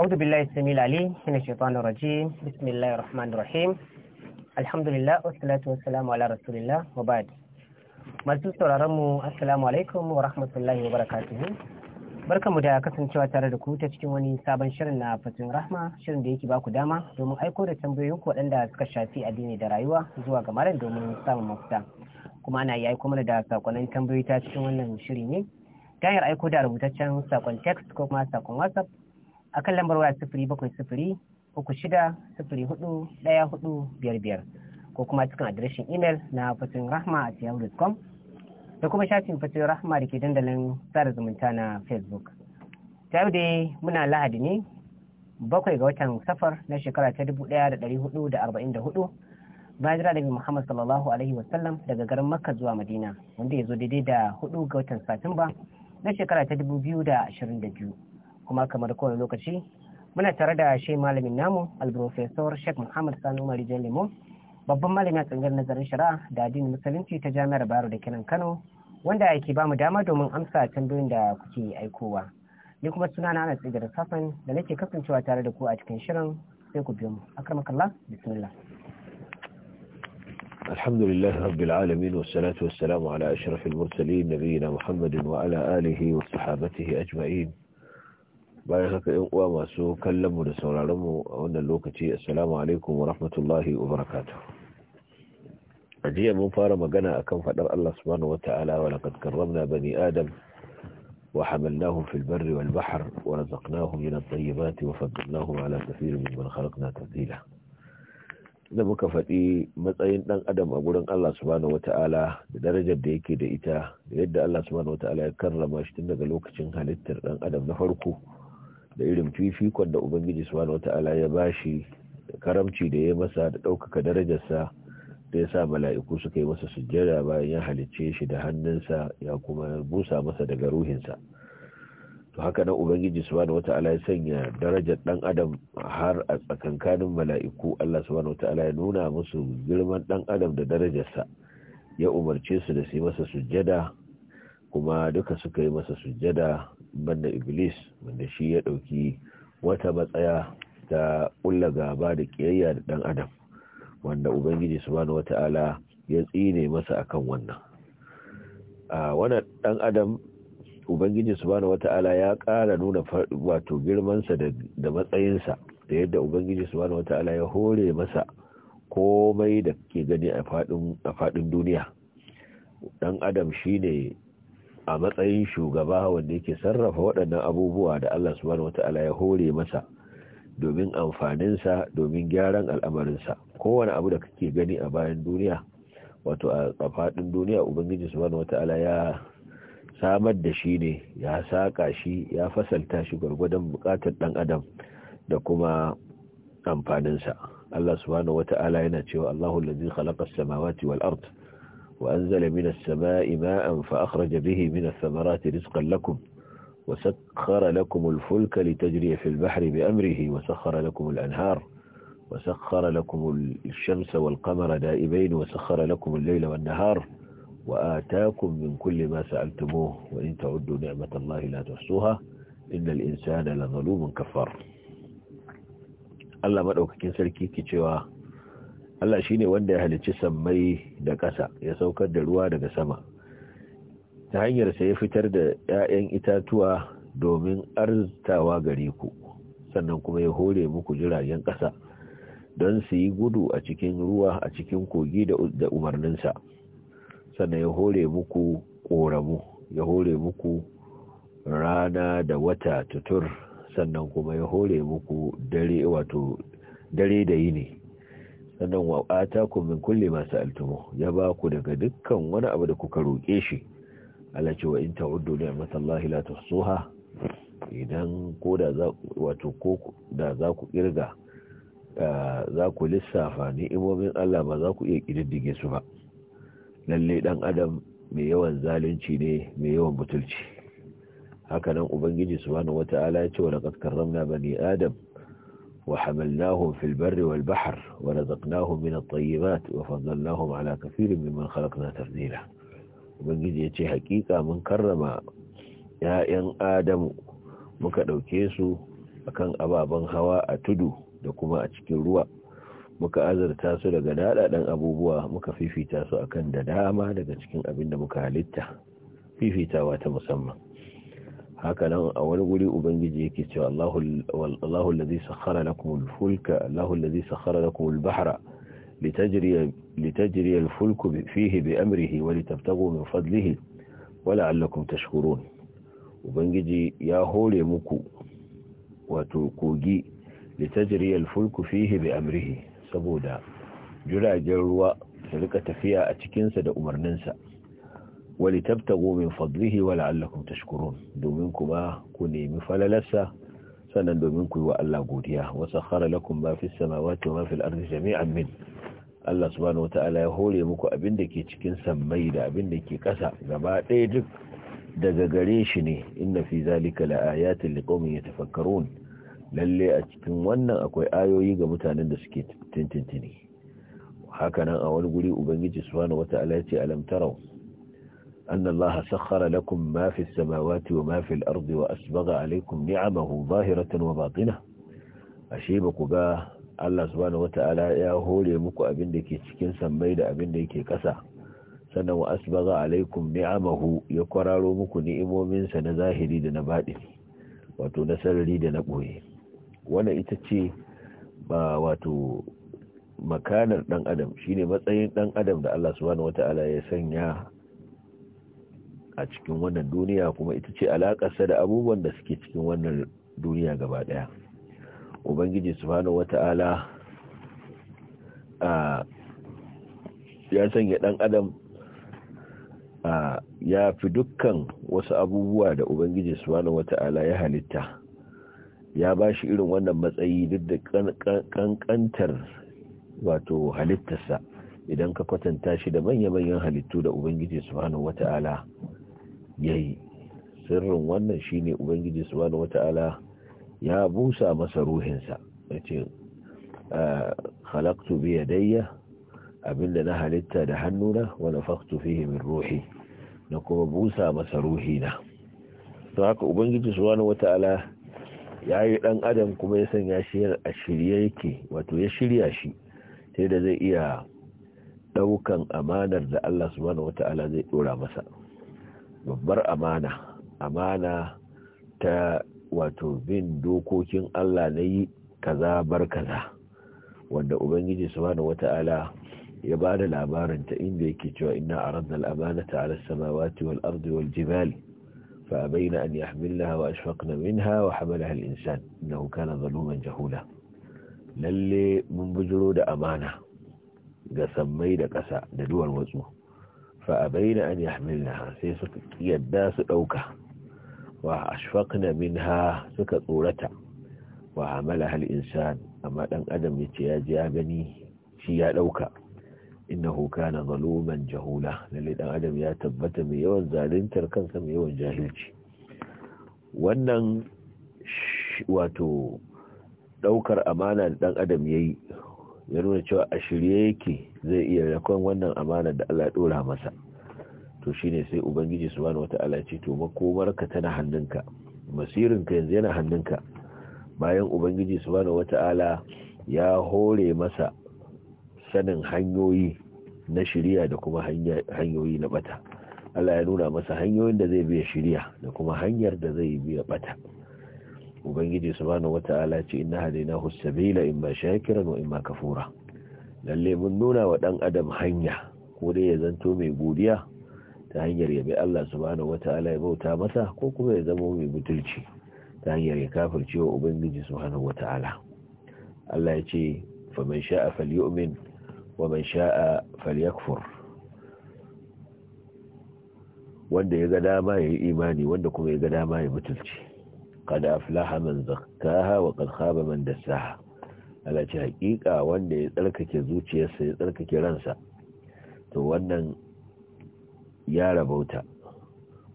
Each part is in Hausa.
أعوذ بالله السميع العليم من الشيطان الرجيم بسم الله الرحمن الرحيم الحمد لله والصلاة والسلام على رسول الله وبعد masu sauraron mu alaikum wa rahmatullahi wa barakatuhu barkamu da kasancewa tare da ku ta cikin wani sabon shirin na fatin rahma shirin da yake ba ku dama domin aiko da tambayoyin ku waɗanda suka shafi addini da rayuwa zuwa ga malam domin samun mafita kuma ana iya aiko mana da sakonnin tambayoyi ta cikin wannan shiri ne ta hanyar aiko da rubutaccen sakon text ko kuma sakon whatsapp a kan lambar waya sifiri bakwai sifiri uku shida sifiri hudu daya hudu biyar biyar ko kuma cikin adireshin imel na fasin rahma a yahoo.com da kuma shafin fasin rahma da ke dandalin tsara zumunta na facebook ta yau dai muna lahadi ne bakwai ga watan safar na shekara ta dubu daya da dari hudu da arba'in da hudu bayan jira daga muhammad sallallahu alaihi wasallam daga garin makka zuwa madina wanda ya zo daidai da hudu ga watan satumba na shekara ta dubu biyu da ashirin da biyu kuma kamar kowane lokaci muna tare da shi malamin namu alprofesor sheikh muhammad sanu marijan limon babban malamin a tsangar nazarin shari'a da addinin musulunci ta jami'ar bayero da kenan kano wanda ke bamu dama domin amsa tambayoyin da kuke aikowa ni kuma suna na ana da safan da nake kasancewa tare da ku a cikin shirin sai ku biyo mu akramakallah bismillah الحمد لله رب العالمين والصلاة والسلام على أشرف المرسلين نبينا محمد وعلى آله وصحابته أجمعين bayan haka yan uwa masu kallon mu da sauraron mu a wannan lokaci assalamu alaikum wa rahmatullahi wa barakatuh jiya mun fara magana akan fadar Allah subhanahu wata'ala wa laqad karramna bani adam wa hamalnahum fil barri wal bahr wa razaqnahum min at-tayyibati wa faddalnahum ala kathirin mimman khalaqna tafdila da muka faɗi matsayin ɗan adam a gurin Allah subhanahu wata'ala da darajar da yake da ita da yadda Allah subhanahu wata'ala ya karrama shi tun daga lokacin halittar ɗan adam na farko da irin fifikon da ubangiji subhanahu wata'ala ya bashi karamci da ya masa da ɗaukaka darajarsa da ya sa mala'iku suka yi masa sujjada bayan ya halicce shi da hannunsa ya kuma busa masa daga ruhinsa to haka nan ubangiji subhanahu wata'ala ya sanya darajar dan adam har a tsakankanin mala'iku Allah subhanahu wata'ala ya nuna musu girman dan adam da darajarsa ya umarce su da su yi masa sujjada kuma duka suka yi masa sujjada banda iblis wanda shi ya ɗauki wata matsaya ta ƙulla gaba da ƙiyayya da ɗan adam wanda ubangiji subhanahu wata'ala ya tsine masa akan wannan a ɗan adam ubangiji subhanahu wata'ala ya ƙara nuna wato girmansa da matsayinsa da yadda ubangiji subhanahu wata'ala ya hore masa komai da ke gani a faɗin duniya ɗan adam shine a matsayin shugaba wanda yake sarrafa waɗannan abubuwa da Allah subhanahu wata'ala ya hore masa domin amfaninsa domin gyaran al'amarinsa kowane abu da kake gani a bayan duniya wato a faɗin duniya ubangiji subhanahu wata'ala ya samar da shi ne ya saka shi ya fasalta shi gwargwadon bukatar ɗan adam da kuma amfaninsa Allah subhanahu wata'ala yana cewa Allahu allazi khalaqa as-samawati wal ard وأنزل من السماء ماء فأخرج به من الثمرات رزقا لكم وسخر لكم الفلك لتجري في البحر بأمره وسخر لكم الأنهار وسخر لكم الشمس والقمر دائبين وسخر لكم الليل والنهار وآتاكم من كل ما سألتموه وإن تعدوا نعمة الله لا تحصوها إن الإنسان لظلوم كفار الله مدعوك كنسلكي كي Allah shine wanda ya halicci sammai da ƙasa ya saukar da ruwa daga sama ta hanyar sa ya fitar da 'ya'yan itatuwa domin arzitawa gare ku sannan kuma ya hore muku jiragen ƙasa don su yi gudu a cikin ruwa a cikin kogi da umarninsa sannan ya hore muku ƙoramu ya hore muku rana da wata tutur sannan kuma ya hore muku wato dare da yini sannan wa ku min kulle masu altumo ya ba ku daga dukkan wani abu da kuka roƙe shi alaci ce wa in ta'uddu ni'matallahi la tuhsuha idan ko da za wato ko da za ku kirga za ku lissafa ni'imomin Allah ba za ku iya kididdige su ba lalle dan adam mai yawan zalunci ne mai yawan butulci haka nan ubangiji subhanahu wata'ala ya ce wa laqad karramna bani adam وحملناهم في البر والبحر ورزقناهم من الطيبات وفضلناهم على كثير ممن خلقنا تفضيلا ubangiji ya ce hakika mun karrama 'ya'yan adamu muka ɗauke su akan ababen hawa a tudu da kuma a cikin ruwa muka azarta su daga daɗaɗen abubuwa muka fifita su akan da dama daga cikin abin da muka halitta fifitawa ta musamman hakanan a wani guri ubangiji yake cewa Allahu allazi sakhara lakum al-fulka Allahu allazi sakhara lakum al-bahra litajriya litajriya fulku fihi bi amrihi wa litabtaghu min fadlihi wa la'allakum tashkurun ubangiji ya hore muku wato kogi litajriya al-fulku fihi bi amrihi saboda jiragen ruwa su rika tafiya a cikinsa da umarninsa wali tabtago min fadlihi wa la'allakum domin kuma ku nemi falalarsa sannan domin ku yi wa Allah godiya wasu sakhara lakun ma fis wa ma fil jami'an min Allah subhanahu wata'ala ya hore muku abin da ke cikin sammai da abin da ke ƙasa gaba ɗaya duk daga gare shi ne inna fi zalika la'ayatin ya yatafakkarun lalle a cikin wannan akwai ayoyi ga mutanen da suke tintintini hakanan a wani guri ubangiji subhanahu wata'ala ya ce alam tarau أن الله سخر لكم wa في السماوات وما في الأرض وأسبغ عليكم نعمه ظاهرة ashe baku قباة Allah subhanahu wata'ala ya hore muku abin da ke cikin sammai da abin da yake kasa sannan wa asbagha alaikum ni'amahu ya kwararo muku ni'imomin sa na zahiri da na baɗini wato na sarari da na ɓoye wannan ita ce ba wato makanar dan adam shine matsayin dan adam da Allah subhanahu wata'ala ya sanya a cikin wannan duniya kuma ita ce alaƙarsa da abubuwan da suke cikin wannan duniya gaba ɗaya ubangiji subhanahu wata'ala a ya sanya ɗan adam a ya fi dukkan wasu abubuwa da ubangiji subhanahu wata'ala ya halitta ya ba shi irin wannan matsayi duk da kankantar wato halittarsa idan ka kwatanta shi da manya-manyan halittu da ubangiji subhanahu wata'ala yayi sirrin wannan shine ubangiji subhanahu wata'ala ya busa masa ruhinsa yace ah, halaktu biya yadayya abinda na halitta da hannuna wani faktu fiye min ruhi na kuma busa masa ruhina to haka ubangiji subhanahu wata'ala ya yi dan adam kuma ya sanya shi a shirya yake wato ya shirya shi sai da zai iya daukan amanar da Allah subhanahu wata'ala zai dora masa babbar amana amana ta wato bin dokokin Allah na yi kaza bar kaza wanda ubangiji subhanahu wata'ala ya ba da labarin ta inda yake cewa inna aradna al-amanata ala as-samawati wal ardi wal jibali fa abaina an yahmilnaha wa ashfaqna minha wa hamalaha al-insan innahu kana zaluman jahula lalle mun bujuro da amana ga sammai da ƙasa da duwar watsu فأبين أن يحملنها سيسك يداس أوكا وأشفقنا منها سكة أورتا وعملها الإنسان أما أن أدم يتياجي بني شيا أوكا إنه كان ظلوما جهولا للذين أدم يتبت من يوان زالين تركنسا من يوان جاهلتي wannan wato daukar amana da dan adam yayi ya nuna cewa a shirye yake zai iya rakon wannan amana da Allah ya dora masa to shine sai ubangiji subhanahu wataala ya ce to makomarka tana hannunka masirinka yanzu yana hannunka bayan ubangiji subhanahu wataala ya hore masa sanin hanyoyi na shari'a da kuma hanyoyi na bata Allah ya nuna masa hanyoyin da zai biya shirya, da kuma hanyar da zai biya bata ubangiji subhanahu wataala ce inna hadaynahu as-sabila imma shakiran wa imma kafura lalle mun nuna wa ɗan adam hanya ko dai ya zanto mai godiya ta hanyar yabe Allah subhanahu wata'ala ya bauta masa ko kuma ya zama mai butulci ta hanyar ya kafirce wa ubangiji subhanahu wata'ala Allah ya ce fa man sha'a falyu'min wa man sha'a falyakfur wanda ya ga dama ya yi imani wanda kuma ya ga dama ya butulci qad aflaha man zakkaha wa qad khaba man dassaha Allah ce hakika wanda ya tsarkake zuciyarsa ya tsarkake ransa to wannan ya rabauta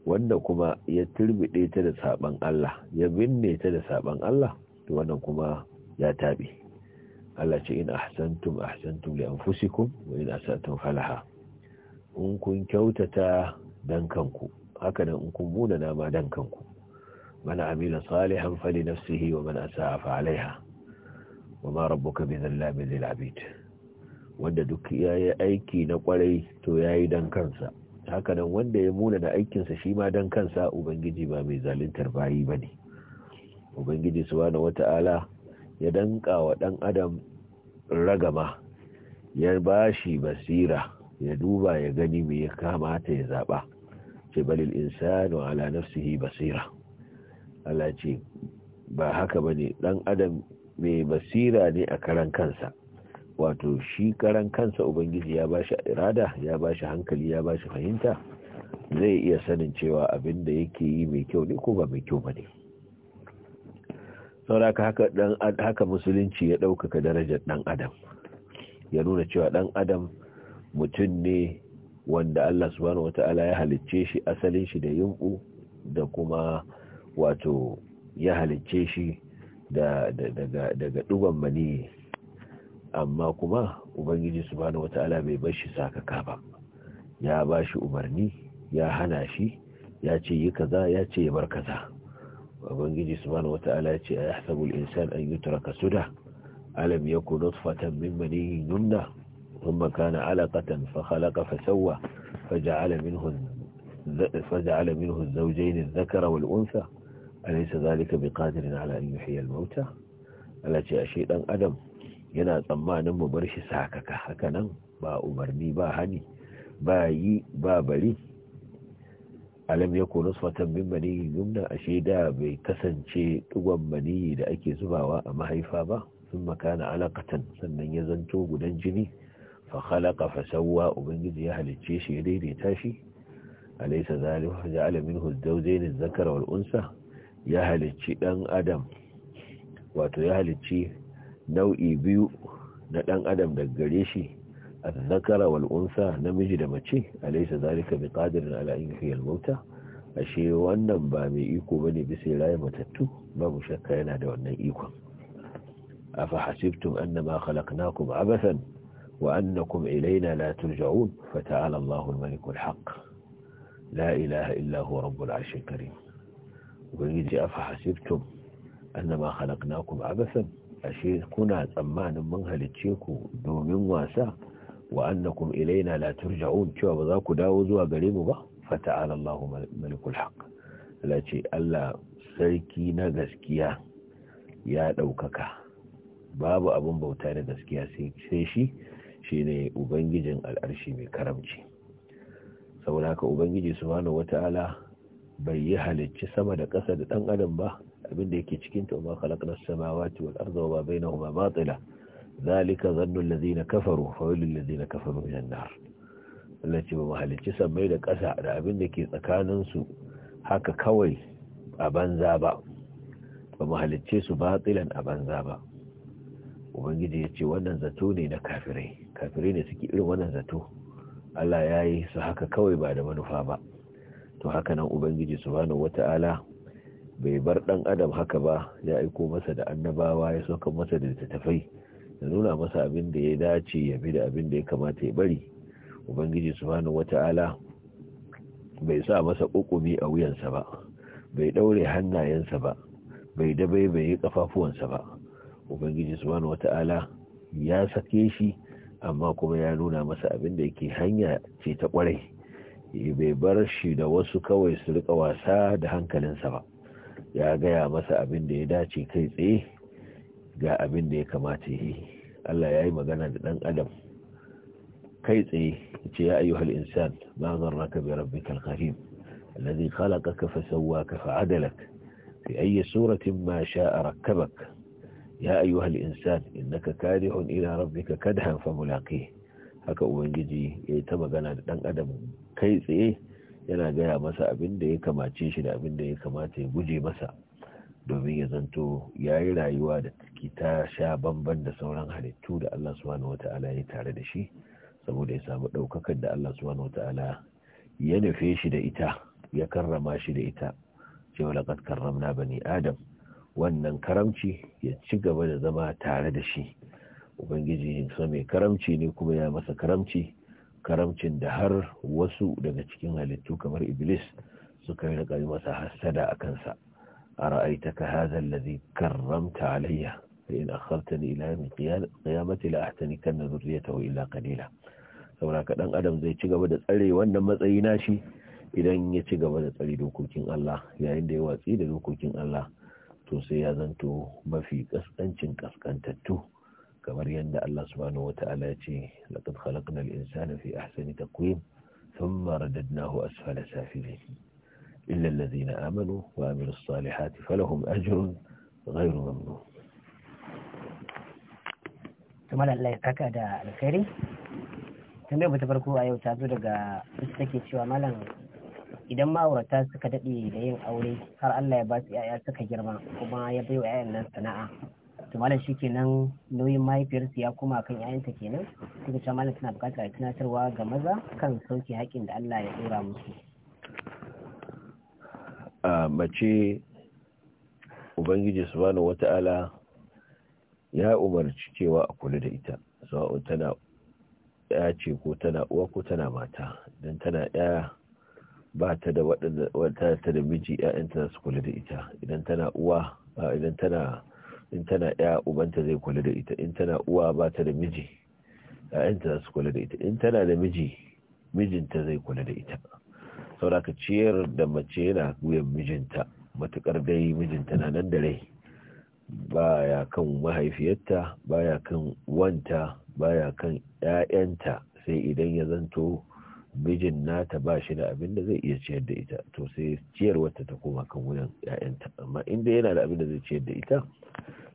wanda kuma ya turbide ta da saban Allah ya binne ta da saban Allah to wannan kuma ya tabi Allah ce in ahsantum ahsantum li anfusikum wa in asatum falaha in kun kyautata dan kanku haka nan in kun muna nama dan kanku mana amila salihan fali nafsihi wa man asaa fa alaiha wa ma rabbuka bi zallamin lil abid wanda duk yayi aiki na kwarai to yayi dan kansa haka nan wanda ya muna da aikinsa shi ma dan kansa ubangiji ba mai zaluntar bayi bane ubangiji subhanahu wata'ala ya danka wa dan adam ragama ya bashi basira ya duba ya gani me ya kamata ya zaba ce balil insanu ala nafsihi basira Allah ce ba haka bane dan adam mai basira ne a karan kansa wato shi karan kansa ubangiji ya ba shi irada ya ba shi hankali ya ba shi fahimta zai iya sanin cewa abin da yake yi mai kyau ne ko ba mai kyau ba ne sauraka haka musulunci ya ɗaukaka darajar ɗan adam ya nuna cewa ɗan adam mutum ne wanda Allah subhanahu wata'ala ya halicce shi asalin shi da yunƙu da kuma wato ya halicce shi daga ɗigon mani amma kuma ubangiji subhanahu wata'ala bai bar shi sakaka ba ya ba shi umarni ya hana shi ya ce yi kaza ya ce ya bar kaza ubangiji bani wata'ala ya ce a yahsabul insan an su da alam yakun nutfatan min maniyyin yumna ثم كان علقة فخلق فسوى fasawa faja alamin منه الزوجين الذكر والأنثى alaysa zalika biqadirin ala an yuhyiya al-mauta Allah ce ashe ɗan adam yana tsammanin mu bar shi sakaka haka nan ba umarni ba hani ba yi ba bari alam ya kone fatan min maniyi yumna ashe da bai kasance digon maniyi da ake zubawa a mahaifa ba sun makana alakatan sannan ya zanto gudan jini fa khalaqa fa ubangiji ya halicce shi ya daidaita shi alaysa zalika ja'ala minhu az-zawjayn az-zakara wal unsa ya halicci ɗan adam wato ya halicci nau'i biyu na ɗan adam daga gare shi a zakara wal'unsa namiji da mace alaisa zalika bi qadirin ala in fi al ashe wannan ba mai iko ba ne bisa raye matattu babu shakka yana da wannan ikon afa hasibtum annama khalaqnakum abasan wa annakum ilaina la turja'un fata'ala Allahu al-malik haq la ilaha illa huwa rabbul 'arshil karim ubangiji afa hasibtum annama khalaqnakum abasan ashe kuna tsammanin mun halicce ku domin wasa wa annakum ilaina la turja'un cewa ba za ku dawo zuwa gare mu ba fata'ala Allahu malikul haqq Allah ce Allah sarki na gaskiya ya ɗaukaka babu abin bauta da gaskiya sai shi shi ne ubangijin al'arshi mai karamci saboda haka ubangiji subhanahu wata'ala bai yi halicci sama da ƙasa da ɗan adam ba abinda yake cikin ta ma khalaqna samawati wal ba wa na bainahuma batila zalika lazi na kafaru fa lazi na kafaru minan nar Allah ce ba halicci sammai da ƙasa da abin ke tsakaninsu haka kawai a banza ba ba mu halicce su batilan a banza ba ubangiji ya ce wannan zato ne na kafirai kafirai ne suke irin wannan zato Allah ya yi su haka kawai ba da manufa ba to haka nan ubangiji subhanahu wata'ala bai bar dan adam haka ba ya aiko masa da annabawa ya sauka masa da littattafai da nuna masa abin da ya dace ya bi da abin da ya kamata ya bari ubangiji subhanahu wata'ala bai sa masa ƙuƙumi a wuyansa ba bai daure hannayensa ba bai dabai bai yi ƙafafuwansa ba ubangiji subhanahu wata'ala ya sake shi amma kuma ya nuna masa abin da yake hanya ce ta kwarai Eh, bai bar shi da wasu kawai su rika wasa da hankalinsa ba ya gaya masa abin da ya dace kai tsaye ga abin da ya kamata yi Allah ya yi magana da ɗan adam kai tsaye ce ya hal insan ma ka bi rabbi karim alladhi khalaqaka fa sawwaka fa adalak fi ayyi suratin ma sha'a rakkabak ya hal insan innaka kadihun ila rabbika kadhan fa mulaqih haka ubangiji ya yi ta magana da ɗan adam kai tsaye yana gaya masa abin da ya kamace shi da abin da ya kamata ya guje masa domin ya zanto ya yi rayuwa da ki ta sha bamban da sauran halittu da Allah subhanahu wata'ala ya tare da shi saboda ya samu ɗaukakar da Allah subhanahu wata'ala ya nufe shi da ita ya karrama shi da ita cewa laqad karramna bani adam wannan karamci ya ci gaba da zama tare da shi ubangiji sa mai karamci ne kuma ya masa karamci karamcin da har wasu daga cikin halittu kamar iblis suka yi rika masa hassada a kansa a ra'aita ka haza lazi karramta alayya fa in akhartani ila yawmi qiyamati la ahtani kan zurriyatahu illa qalila saboda ka dan adam zai ci gaba da tsare wannan matsayi na shi idan ya ci gaba da tsare dokokin Allah yayin da ya watsi da dokokin Allah to sai ya zanto mafi kaskancin kaskantattu kamar yadda Allah subhanahu wata'ala ya ce laqad khalaqna al-insana fi ahsani taqwim thumma radadnahu asfala safilin illa alladhina amanu wa amilus salihati falahum ajrun ghayru mamnun kuma Allah ya saka da alkhairi tambayar ta farko a yau ta zo daga take cewa malam idan ma'aurata suka daɗe da yin aure har Allah ya ba su 'ya'ya suka girma kuma ya bai wa 'ya'yan nan sana'a to malam shikenan nauyin mahaifiyarsu ya koma kan yayanta kenan take cewa malam tana buƙatar a tunatarwa ga maza kan sauke haƙƙin da Allah ya dora musu a mace ubangiji subhanahu wata'ala ya umarci cewa a kula da ita sawa'un tana ya ce ko tana uwa ko tana mata don tana ɗaya ba ta da waɗanda ta da miji ‘ya'yanta su kula da ita idan tana uwa idan tana in tana ya ubanta zai kula da ita in tana uwa ba ta da miji ‘ya'yanta za su kula da ita in tana da miji mijinta zai kula da ita sauraka ciyar da mace yana guyar mijinta matukar dai mijinta na nan da rai baya kan mahaifiyarta baya kan wanta baya kan ‘ya'yanta sai idan ya zanto mijin nata ba shi da abin da zai iya ciyar da ita to sai ciyar ta ta koma kan wuyan ƴaƴanta amma inda yana da abin da zai ciyar da ita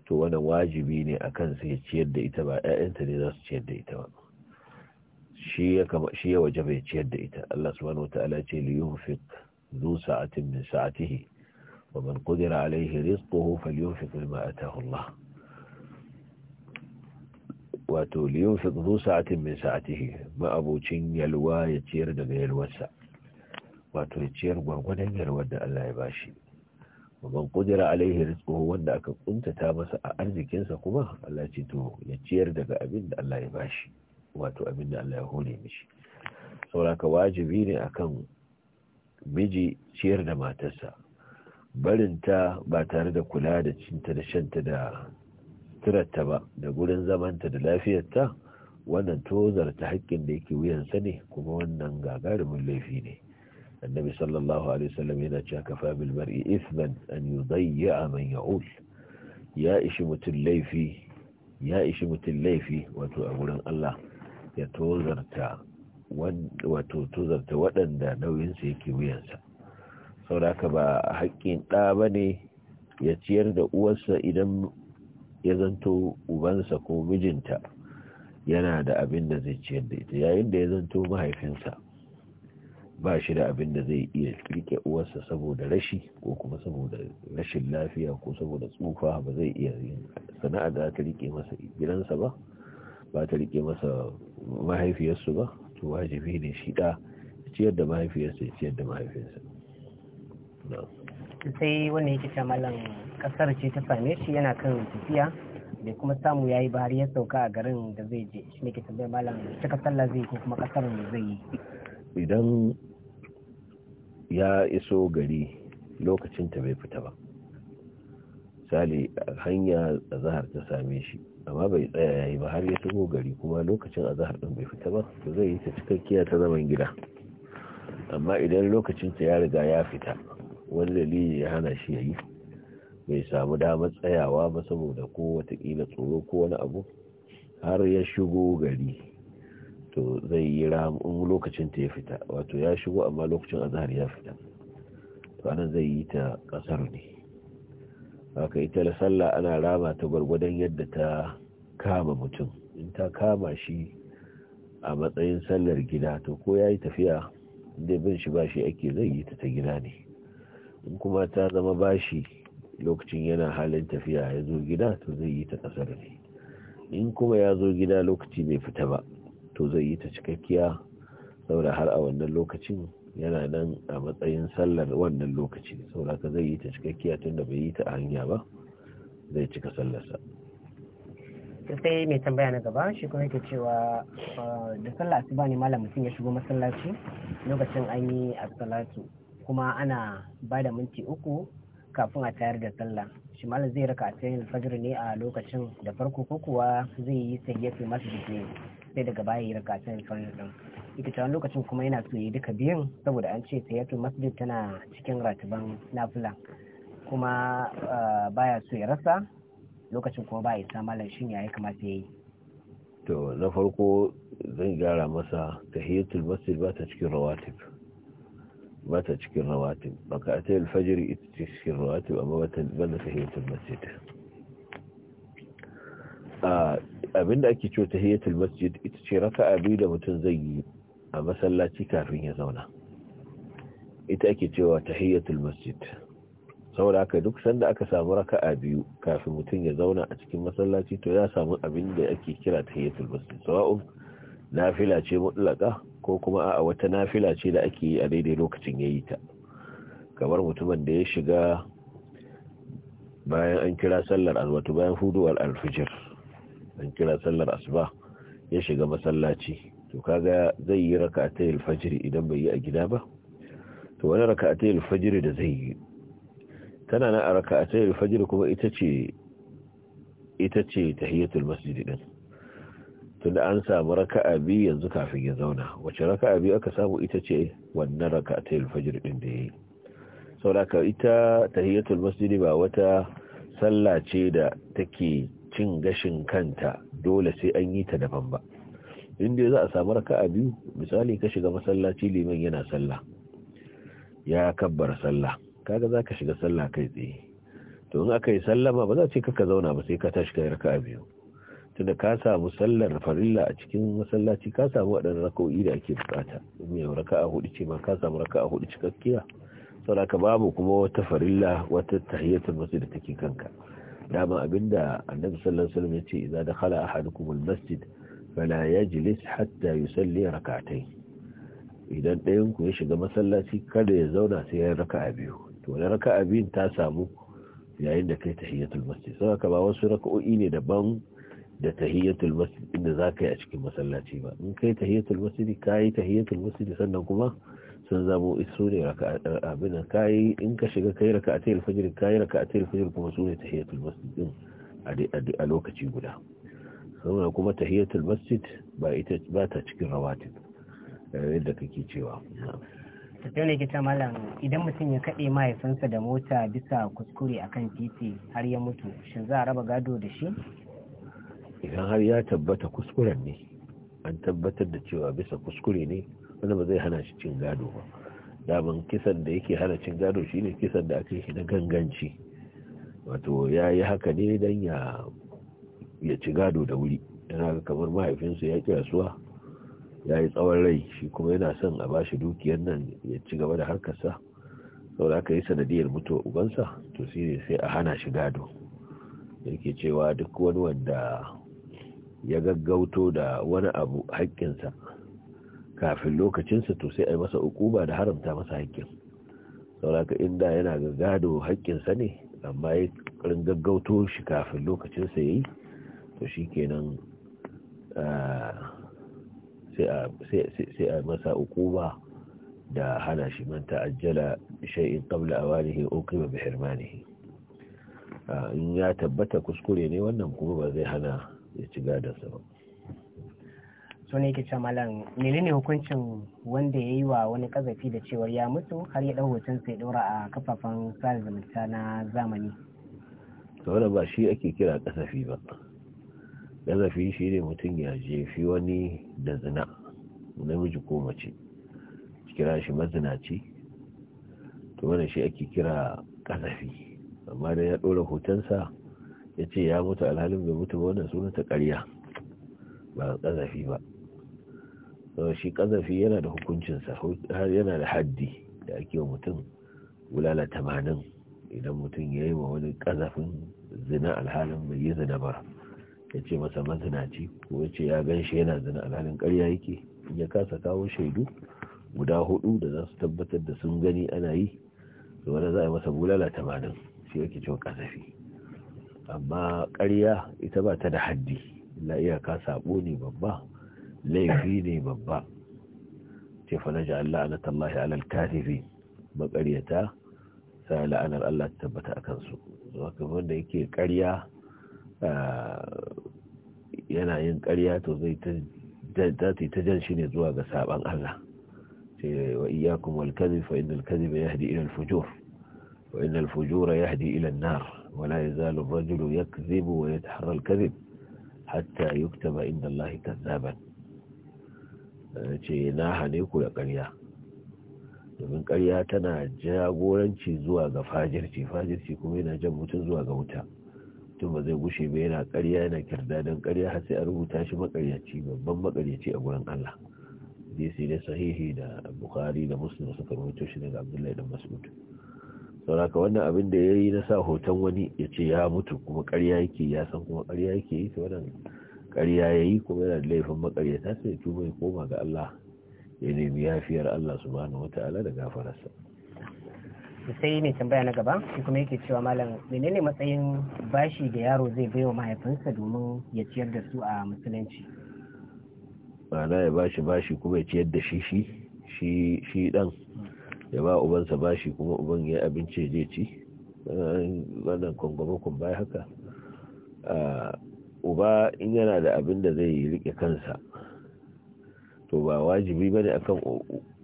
to wani wajibi ne a kan sai ciyar da ita ba ya'yanta ne za su ciyar da ita ba shi ya kama shi ya waje bai ciyar da ita Allah subhanahu wataala ce li yunfiq zu sa'atin min sa'atihi wa man qadira alayhi rizquhu falyunfiq mimma ataahu Allah wato liyun fi mai sa'atin min sa'atihi ma'abocin yalwa ya ciyar daga yalwarsa wato ya ciyar gwargwadon yalwar da Allah ya bashi baban kudira alaihi rizquhu wanda aka kuntata masa a arzikinsa kuma Allah ce to ya ciyar daga abin da Allah ya bashi wato abin da Allah ya hore mishi sauraka wajibi ne akan miji ciyar da matarsa barinta ba tare da kula da cinta da shanta da suturarta ba da gurin zamanta da lafiyarta wannan tozarta haƙƙin da yake wuyansa ne kuma wannan gagarumin laifi ne annabi sallallahu alaihi wasallam yana cewa kafa bil mar'i ithman an yudayya man ya'ul ya ishi mutun laifi ya ishi laifi wato a gurin Allah ya tozarta wato tozarta waɗanda nauyinsa yake wuyansa saboda ba haƙƙin ɗa bane ne ya ciyar da uwarsa idan ya zanto ubansa ko mijinta yana da abin da zai ciyar da ita yayin da ya zanto mahaifinsa ba shi da abin da zai iya rike uwarsa saboda rashi ko kuma saboda rashin lafiya ko saboda tsufa ba zai iya yin sana'a da ta rike masa gidansa ba ba ta rike masa mahaifiyarsu ba to wajibi ne shi da ciyar da mahaifiyarsa ciyar da mahaifinsa sai yake malam kasar ce ta same shi yana kan tafiya bai kuma samu yayi ba har ya sauka a garin da zai je shi ne ke tambayar malam ta kasar la zai ko kuma kasar da zai yi idan ya iso gari lokacin ta bai fita ba misali hanya a zahar ta same shi amma bai tsaya yayi ba har ya shigo gari kuma lokacin a zahar ɗin bai fita ba to zai yi ta cikakkiya ta zaman gida amma idan lokacin ta ya riga ya fita wani dalili ya hana shi yi. bai samu damar tsayawa ba saboda ko watakila tsoro ko wani abu har ya shigo gari to zai yi ramun lokacin ta ya fita wato ya shigo amma lokacin azhar ya fita to anan zai yi ta kasar ne haka ita da sallah ana rama ta gwargwadon yadda ta kama mutum in ta kama shi a matsayin sallar gida to ko ya yi tafiya inda bin shi bashi ake zai yi ta ta gida ne in kuma ta zama bashi lokacin yana halin tafiya ya zo gida to zai yi ta kasar ne in kuma ya zo gida lokaci bai fita ba to zai yi ta cikakkiya saboda har a wannan lokacin yana nan a matsayin sallar wannan lokaci saboda ka zai yi ta cikakkiya tun da bai yi ta a hanya ba zai cika sallarsa sai mai tambaya na gaba shi kuma yake cewa ah, da sallah asuba ne malam mutum ya shigo masallaci lokacin an yi asalatu kuma ana ba da minti uku kafin a tayar da sallah shi malam zai raka ta yin fajr ne a lokacin da farko ko kuwa zai yi tayyatu masjid ne sai daga baya ya raka ta yin fajr din ita ta lokacin kuma yana so yi duka biyun saboda an ce tayyatu masjid tana cikin ratiban nafila kuma baya so ya rasa lokacin kuma ba ya sa malam shin yayi kamata ya yi to na farko zan gyara masa tahiyatul masjid ba ta cikin rawatib bata ta cikin rawatib rakatai fajiri ita ce cikin rawatib amma bada ta balla masjid abinda ake cewa tahiyatul masjid ita ce raka biyu da mutum zai yi a masallaci kafin ya zauna ita ake cewa ta tahiyatul masjid saboda haka duk sanda aka samu raka a biyu kafin mutum ya zauna a cikin masallaci to ya samu abin da ake kira ta tahiyatul masjid sawa'un fila ce mutlaka ko kuma a wata nafila ce da ake yi a daidai lokacin ya yi ta kamar mutumin da ya shiga bayan an kira sallar alwatu bayan huduwar alfijir an kira sallar asuba ya shiga masallaci to kaga zai yi raka ta alfajiri idan bai yi a gida ba to wani raka ta alfajiri da zai yi tana na a raka ta alfajiri kuma ita ce ita ce tahiyatul masjid din tunda an samu raka'a biyu yanzu kafin ya zauna wacce raka'a biyu aka samu ita ce wannan raka'a ta fajr din da yayi saboda ita tahiyatul masjidi ba wata sallah ce da take cin gashin kanta dole sai an yi ta daban ba inda za a samu raka'a biyu misali ka shiga masallaci liman yana sallah ya kabbara sallah kaga za ka shiga sallah kai tsaye to in aka yi sallama ba za ce ka zauna ba sai ka tashi kai raka'a biyu tunda ka samu sallar farilla a cikin masallaci ka samu waɗannan raka'o'i da ake bukata mai raka'a hudu ce ma ka samu raka'a hudu cikakkiya saboda babu kuma wata farilla wata tahiyatul masjid take kanka dama abinda annabi sallallahu alaihi wasallam yace idza dakhala ahadukum almasjid fala yajlis hatta yusalli rak'atayn idan ɗayan ku ya shiga masallaci kada ya zauna sai ya raka'a biyu to wani raka'a biyun ta samu yayin da kai tahiyatul masjid saboda ba wasu raka'o'i ne daban da tahiyatul masjid da za ka yi a cikin masallaci ba in kai tahiyatul masjid ka yi tahiyatul masjid sannan kuma sun zabo isu ne abin ka yi in ka shiga kai raka a tayar fajir ka yi raka fajir kuma su ne tahiyatul masjid din a lokaci guda saboda kuma tahiyatul masjid ba ita ba ta cikin rawatib eh, yadda kake cewa tafiya ne kita malam idan mutum ya kaɗe mahaifinsa da mota bisa kuskure akan titi har ya mutu shin za a raba gado da shi idan har ya tabbata kuskuren ne an tabbatar da cewa bisa kuskure ne wanda ba zai hana shi cin gado ba Daban kisan da yake hana cin gado shi ne kisan da aka yi na ganganci wato ya yi haka ne don ya ci gado da wuri yana ga kamar mahaifinsu ya ƙi rasuwa ya yi tsawon rai shi kuma yana son a ba shi dukiyar nan ya ci gaba da harkarsa saboda aka yi sanadiyar mutuwa ugansa, to shi sai a hana shi gado yake cewa duk wani wanda ya gaggauto da wani abu haƙƙinsa kafin lokacinsa to sai a yi masa ukuba da haramta masa haƙƙin sauraka inda yana gado haƙƙinsa ne amma ya ƙarin gaggauto shi kafin lokacinsa ya yi to shi kenan sai a masa ukuba da hana shi man ta'ajjala ƙabla a wani hin bi hirmanihi in ya tabbata kuskure ne wannan kuma ba zai hana ya ci sa ba so ne yake camalan malam menene hukuncin wanda ya yi wa wani kazafi da cewar ya mutu har ya dau hoton sai ɗora a kafafen sada zumunta na zamani ta wanda ba shi ake kira kasafi ba kasafi shi ne mutum ya jefi wani da zina namiji ko mace kira shi mazinaci to wanda shi ake kira kasafi amma da ya dora hotonsa ya ce ya mutu alhalin bai mutu wanda suna ta ƙarya ba ƙazafi ba shi ƙazafi yana da hukuncinsa har yana da haddi da ake wa mutum wulala tamanin idan mutum ya yi wa wani ƙazafin zina alhalin bai yi zina ba ya ce masa mazinaci ko ya ce ya gan shi yana zina alhalin karya yake ya kasa kawo shaidu guda hudu da za su tabbatar da sun gani ana yi wani za a yi masa bulala tamanin shi yake cewa ƙazafi amma ƙarya ita ba ta da haddi la iyaka sabo ne babba laifi ne babba ce falaja Allah na tallahi alal katifi maƙaryata sai la'anar Allah ta tabbata a kansu zaka wanda yake ƙarya eh, yana yin ƙarya to zai ta ta jan shi ne zuwa ga saban Allah ce wa iyyakum wal kadhib fa innal yahdi ila al fujur wa innal fujura yahdi ila nar ولا يزال الرجل يكذب ويتحرى الكذب حتى يكتب عند الله كذابا ce na hane ku da ƙarya domin ƙarya tana jagoranci zuwa ga fajirci fajirci kuma yana jan mutum zuwa ga wuta mutum ba zai gushe ba yana ƙarya yana kirda don ƙarya har sai a rubuta shi makaryaci babban makaryaci a gurin Allah hadisi ne sahihi da Bukhari da Muslim suka rubuto shi daga Abdullahi da Mas'ud sauraka wannan abin da ya yi na sa hoton wani ya ce ya mutu kuma karya yake ya san kuma karya yake yi ta wannan karya ya yi kuma yana da laifin ta sai tuba ya koma ga Allah ya nemi yafiyar Allah su subhanahu wata'ala da gafararsa sai ne tambaya na gaba shi kuma yake cewa malam menene matsayin bashi da yaro zai bai wa mahaifinsa domin ya ciyar da su a musulunci ma'ana ya bashi bashi kuma ya ciyar da shi shi shi dan ya ba ubansa bashi kuma uban ya abinci je ci eh, wannan kwangwamakon bai haka ah, uba in yana da abin da zai rike kansa to ba wajibi ba ne akan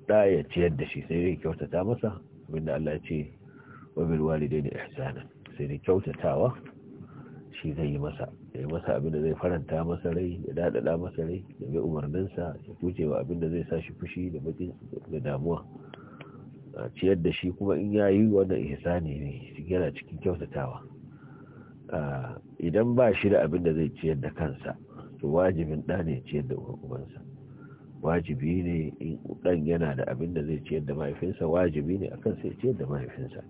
ɗa ya ciyar da shi sai dai kyautata masa abinda Allah ya ce wa bil walidaini ihsana sai dai kyautatawa shi zai yi masa ya yi masa abin da zai faranta masa rai ya dadada masa rai ya bi umarninsa ya kuce wa abin da zai sa shi fushi da bakin da damuwa ciyar da shi kuma in yayi wannan ihsani ne yana cikin kyautatawa idan ba shi da abin da zai ciyar da kansa to wajibin da ne ciyar da ubansa wajibi ne in ɗan yana da abin da zai ciyar da mahaifinsa wajibi ne akan sai ciyar da mahaifinsa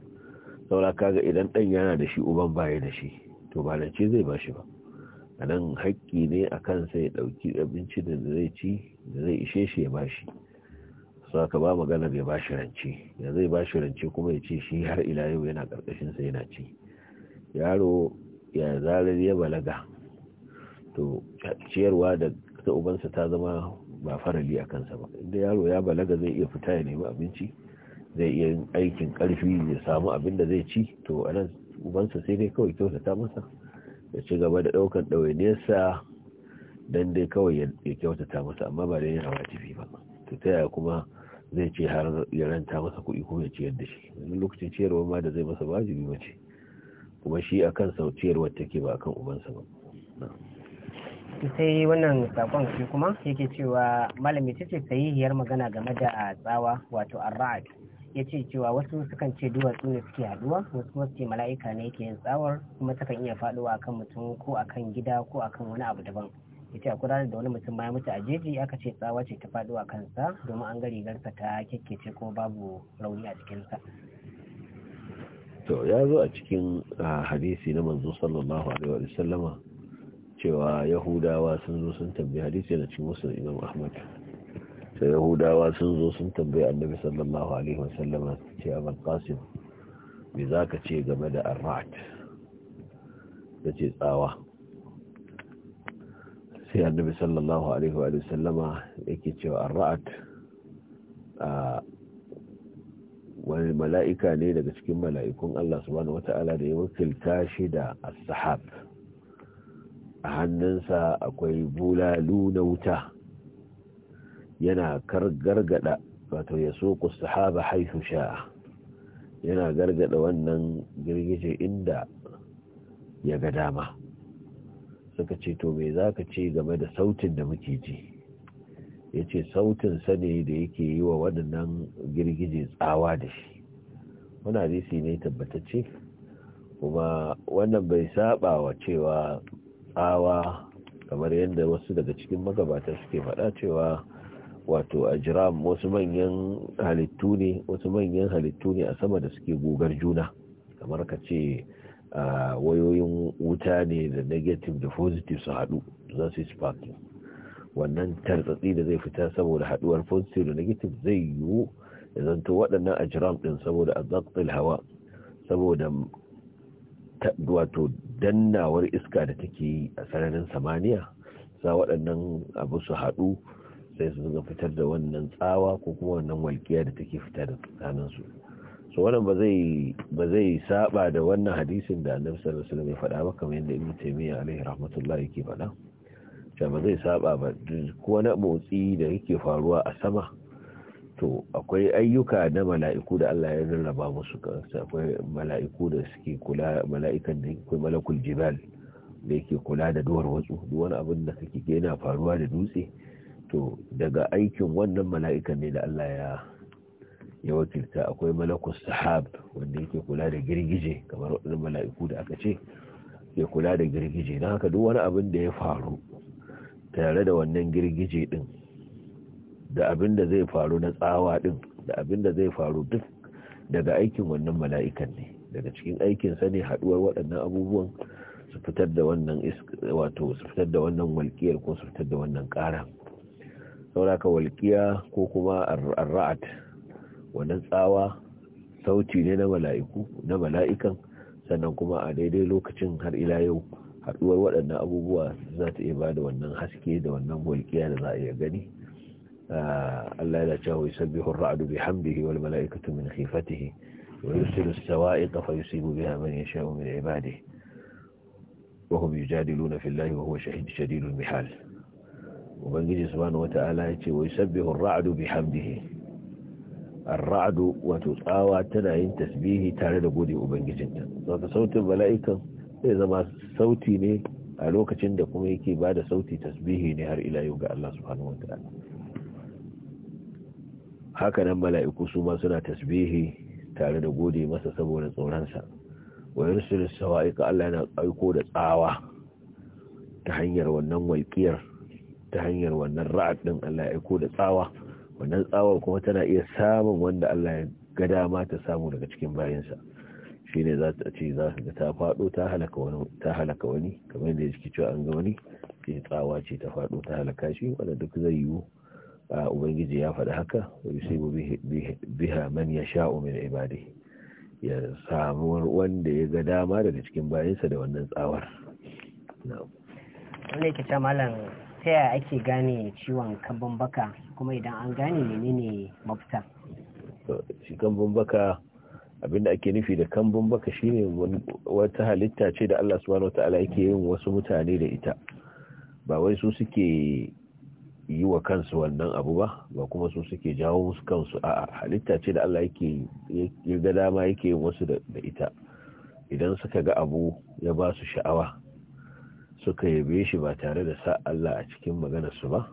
saura kaga idan ɗan yana da shi uban baya da shi to ba zai ba shi ba anan nan haƙƙi ne akan sai ya ɗauki abinci da zai ci da zai ishe shi ya ba shi so ka ba magana ya bashi rance ya zai bashi rance kuma ya ce shi har ila yau yana karkashin sa yana ci yaro ya zarar ya balaga to ciyarwa da ta ubansa ta zama ba farali a kansa ba inda yaro ya balaga zai iya fita ya nemi abinci zai iya yin aikin karfi ya samu abin da zai ci to anan ubansa sai dai kawai kyautata masa ya ci gaba da ɗaukar ɗawainiyarsa don dai kawai ya kyautata masa amma ba da yin hawa cifi ba to ta yaya kuma zai ce har ya ranta masa kuɗi ko ya ciyar da shi wani lokacin ciyarwa ma da zai masa wajibi ce kuma shi a kan sau ciyarwar take ba a kan ubansa ba sai wannan sakon shi kuma yake cewa malami ta ce sahihiyar magana game da tsawa wato arra'ad ya ce cewa wasu sukan ce duwatsu ne suke haduwa wasu wasu ce mala'ika ne ke yin tsawar kuma takan iya faduwa akan mutum ko akan gida ko akan wani abu daban yace a kudanar da wani mutum bayan mutu a jeji aka ce tsawa ce ta faduwa a kansa domin an ga rigarsa ta kekece ko babu rauni a jikinsa to ya zo a cikin hadisi na manzo sallallahu alaihi wa sallama cewa yahudawa sun zo sun tambayi hadisi na cikin musul imam ahmad sai yahudawa sun zo sun tambayi annabi sallallahu alaihi wa sallama ce abul qasim me zaka ce game da arra'at da ce tsawa sai annabi sallallahu alaihi wa sallama yake cewa ra'at a wani mala'ika ne daga cikin mala'ikun Allah subhanahu wata'ala da ya wakilta shi da as-sahab a hannunsa akwai bulalu na wuta yana gargada wato ya soku sahaba haifu sha'a yana gargada wannan girgije inda ya ga dama suka ce to me za ka ce game da sautin da muke ji ya ce sautinsa ne da yake yi wa waɗannan girgije tsawa da shi wani risi ne tabbatacce kuma wannan bai saba wa cewa tsawa kamar yadda wasu daga cikin magabata suke faɗa cewa wato ajiram wasu manyan halittu ne wasu manyan halittu ne a sama da suke gogar juna kamar ka ce wayoyin wuta ne da negative da positive su haɗu za su yi sparking wannan tartsatsi da zai fita saboda haɗuwar positive da negative zai yiwu da zanto waɗannan ajiram ɗin saboda azaktil hawa saboda wato dannawar iska da take yi a sararin samaniya za waɗannan abu su haɗu sai su zuga fitar da wannan tsawa ko kuma wannan walƙiya da take fita da tsakaninsu to wannan ba zai ba zai saba da wannan hadisin da annabi sallallahu alaihi wasallam ya faɗa ba kamar yadda Ibn Taymiyyah alaihi rahmatullah yake faɗa cewa ba zai saba ba ko wani motsi da yake faruwa a sama to akwai ayyuka na mala'iku da Allah ya rarraba musu kansa akwai mala'iku da suke kula mala'ikan da akwai malakul jibal da yake kula da duwar watsu duk wani abin da kake yana faruwa da dutse to daga aikin wannan mala'ikan ne da Allah ya ya wakilta akwai malakus sahab wanda yake kula da girgije kamar waɗannan mala'iku da aka ce ya kula da girgije don haka duk wani abin da ya faru tare da wannan girgije din da abin da zai faru na tsawa din da abin da zai faru duk daga aikin wannan mala'ikan ne daga cikin aikin sa ne haduwar waɗannan abubuwan su fitar da wannan wato su fitar da wannan walƙiyar ko su fitar da wannan ƙara sauraka walƙiya ko kuma arra'at wannan tsawa sauti ne na mala'iku na mala'ikan sannan kuma a daidai lokacin har ila yau haduwar waɗannan abubuwa za ta iya ba da wannan haske da wannan walƙiya da za a iya gani ah, Allah ya ce wa yusabbihu ar-ra'du bihamdihi wal mala'ikatu min khifatihi wa sa as-sawa'iqa fa yusibu biha man yasha'u min ibadihi wa hum yujadiluna fillahi wa huwa shahid shadidul mihal ubangiji subhanahu wata'ala ya ce wa yusabbihu ar-ra'du bihamdihi ar-ra'du wato tsawa tana yin tasbihi tare da gode ubangijinta saboda sautin mala'ikan zai zama sauti ne a lokacin da kuma yake ba da sauti tasbihi ne har ila yau ga Allah subhanahu wata'ala haka nan mala'iku su ma suna tasbihi tare da gode masa saboda tsoronsa wa sirrin sawa'ika Allah yana aiko da tsawa ta hanyar wannan walƙiyar ta hanyar wannan ra'ad din Allah ya aiko da tsawa wannan tsawar kuma tana iya samun wanda Allah ya ga dama ta samu daga cikin bayansa shi ne za ta ce za ga ta faɗo ta halaka wani kamar da ya kamar yadda cewa an ga wani ce tsawa ce ta faɗo ta halaka shi wanda duk zai yiwu a ubangiji ya faɗi haka wa yusibu biha man sha umar ibadi ya samu wanda ya ga dama daga cikin bayansa da wannan tsawar na'am malam ta yaya ake gane ciwon kambun baka kuma idan an gane menene mafita shi kambun baka abinda ake nufi da kambun baka shine wata halitta ce da Allah subhanahu wataala yake yin wasu mutane da ita ba wai su suke yi wa kansu wannan abu ba ba kuma su suke jawo musu kansu a halitta ce da Allah yake ga dama yake yin wasu da ita idan suka ga abu ya ba su sha'awa suka yabe shi ba tare da sa Allah a cikin maganarsu ba